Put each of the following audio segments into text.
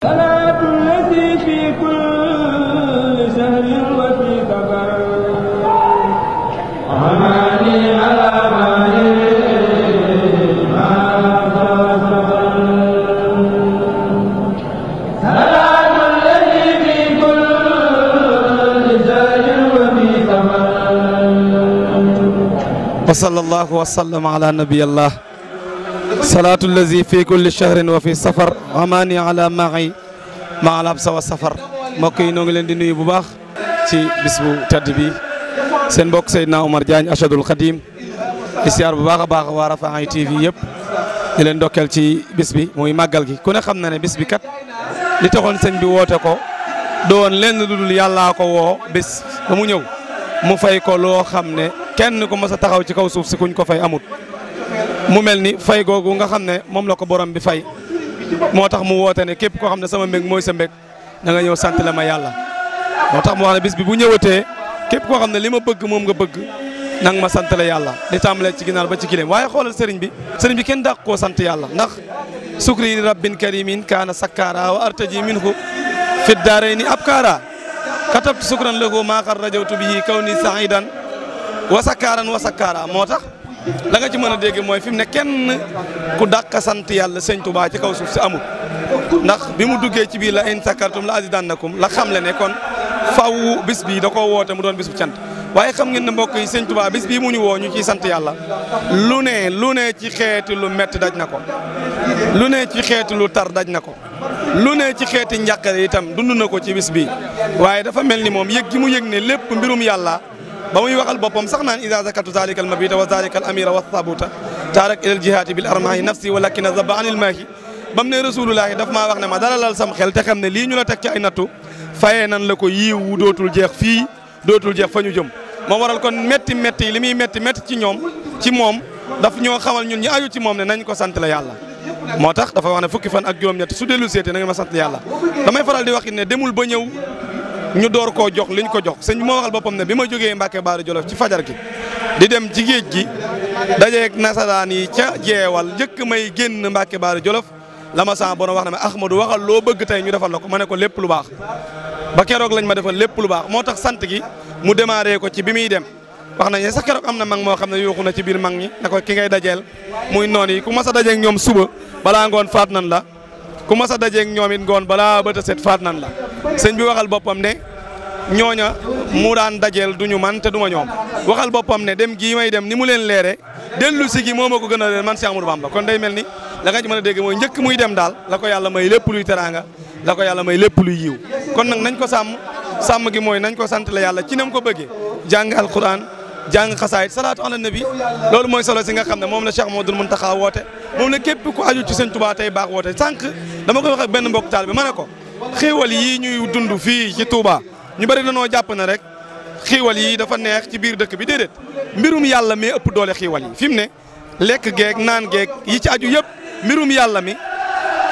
wa sallallahu wa sallam ala nabiyillah salaatu lazi fi kulli shahrin wa fi safar amaani ala maay maa alab sawa safar mbokk yi noo ngi leen di nuyu bu baax ci bis bu bi seen bokk Seydina Omar Diagne Achadul Khadim isiyaar bu baax a baax waa Rafah TV yëpp di leen dokkeel ci bis bi muy màggal gi ku xam na ne bis bi kat li taxoon sëñ bi woote ko doon lenn lu dul yàllaa ko woo bis mu ñëw mu fay ko loo xam ne kenn ku mës a taxaw ci kaw suuf si kuñ ko fay amut mu mel ni fay googu nga xam ne moom la ko borom bi fay moo tax mu woote ne képp koo xam ne sama mbég mooy sa mbég da nga ñëw sant la ma yàlla moo tax mu wax ne bis bi bu ñëwatee képp koo xam ne li ma bëgg moom nga bëgg na ma sant la yàlla li tàmbalee ci ginaar ba ci gileem waaye xoolal sëriñ bi sëriñ bi kenn dàq koo sant yàlla ndax sukri rabbin karimin kaana sakkaara wa artaji minhu fi daarayni abkaara katabtu sukran lahu maa xar rajawtu bihi kawni saidan wa sakkaaran wa sakkaara moo tax la nga ci mën a dégg mooy fi mu ne kenn ku dàq sant yàlla sëñ Touba ci kaw suuf si amul ndax bi mu duggee ci biir la in sakartum la azidannakum la xam le ne kon faw bis bi da koo woote mu doon bis bu cant waaye xam ngeen ne mbokk yi sëñ Touba bis bii mu ñu woo ñu ciy sant yàlla lu ne lu ne ci xeeti lu metti daj na ko lu ne ci xeeti lu daj na ko lu ne ci xeeti njàqare itam dund na ko ci bis bi waaye dafa mel ni moom yëg gi mu yëg ne lépp mbirum yàlla ba muy waxal boppam sax naan ida zakartu zalika almabita wa zalika alamira wa sabuta taarak ila aljihati bil armahi nafsi wa lakina zaba an ilmaahi ba ne rasulullahi daf maa wax ne ma dalalal sam xel te xam ne lii ñu la teg nan la ko yiiwu dootul jeex fii dootul jeex fa ñu jëm moo waral kon métti métti li muy métti métti ci ñoom ci moom daf ñoo xamal ñun ñu aju ci moom ne nañ ko sant la yàlla moo tax dafa wax ne fukki fan ak juróom-ñett su dellu seete na ma sant yàlla damay ñu door koo jox liñ ko jox sëñ moo waxal boppam ne bi ma jógee Mbacke Baara Jolof ci fajar gi di dem ci géej gi dajeeg nasaraan yi ca jeewal njëkk may génn Mbacke Baara Jolof la ma saa borom wax na ma Ahmadou waxal loo bëgg tey ñu defal la ko ma ne ko lépp lu baax ba keroog lañ ma defal lépp lu baax moo tax sant gi mu démarré ko ci bi muy dem wax nañ ne sax keroog am na mag moo xam ne yuuxu na ci biir mag ñi na ko ki ngay dajeel muy noonu yi ku mas a dajeeg ñoom suba balaa ngoon faat nan la ku mas a dajeeg ñoom it ngoon balaa bët a set faat nan la sëñ bi waxal boppam ne ñooña mu daan dajeel du ñu man te du ma ñoom waxal boppam ne dem gii may dem ni mu leen leere dellu si moom moo ma gën a leen man si Amadou Bamba kon day mel ni la nga ci mën dégg mooy njëkk muy dem daal la ko yàlla may lépp luy teraanga la ko yàlla may lépp luy yiw kon nag nañ ko sàmm sàmm gi mooy nañ ko sant la yàlla ci nam ko bëggee jàng alquran jàng xasaayit salaatu ala nabi loolu mooy solo si nga xam ne moom la Cheikh Modou Mountakha woote moom la képp ku aju ci sëñ Touba tey baax woote sànq dama ko wax benn mbokk taal bi ma ne ko xéewal yi ñuy dundu fii ci Touba ñu bari noo jàpp na rek xiiwal yi dafa neex ci biir dëkk bi déedéet mbirum yàlla mi ëpp doole xiiwal yi fi mu ne lekk geeg naan geeg yi ci aju yëpp mbirum yàlla mi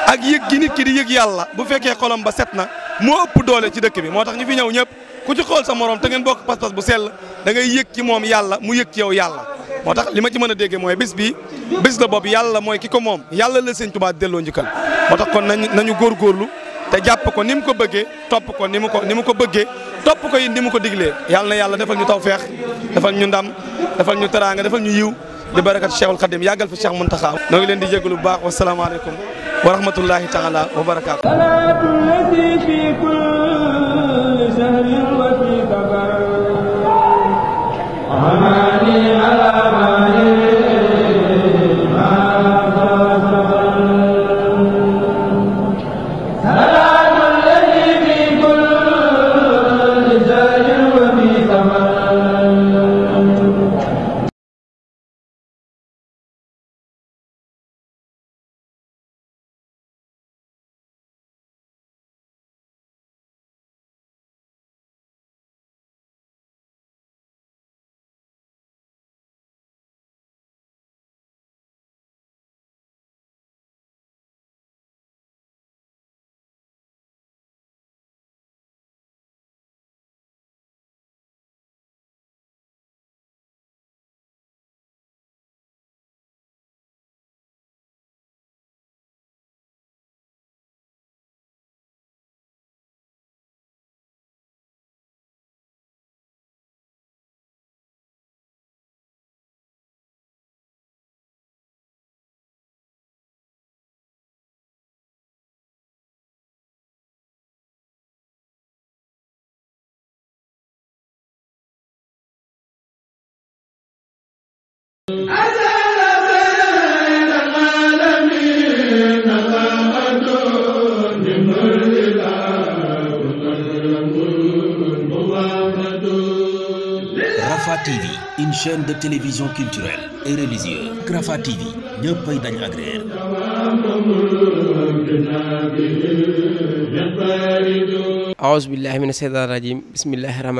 ak yëg gi nit ki di yëg yàlla bu fekkee xolam ba set na moo ëpp doole ci dëkk bi moo tax ñu fi ñëw ñëpp ku ci xool sa morom te ngeen bokk pas-pas bu sel da ngay ci moom yàlla mu yëg ci yow yàlla moo tax li ma ci mën a déggee mooy bés bi bis la bopp yàlla mooy ki ko moom yàlla la sëñ Tuubaa delloo njëkkal moo tax kon nañu nañu góorlu te jàpp ko ni mu ko bëggee topp ko ni mu ko ni mu ko bëggee topp ko yi ni mu ko diglee yàlla na yàlla defal ñu tawfeex defal ñu ndam defal ñu teraanga defal ñu yiw di barakat Cheikhul Khadim yàggal fi Cheikh Mountakha noo leen di jégalu bu baax wasalaamaaleykum wa rahmatullahi taala wa barakaatu Rafah TV une chaîne de télévision culturelle et religieuse Rafah TV ñëppay dañ agréer aouzu billahi mina sheytaani rajim bismillahi rahmani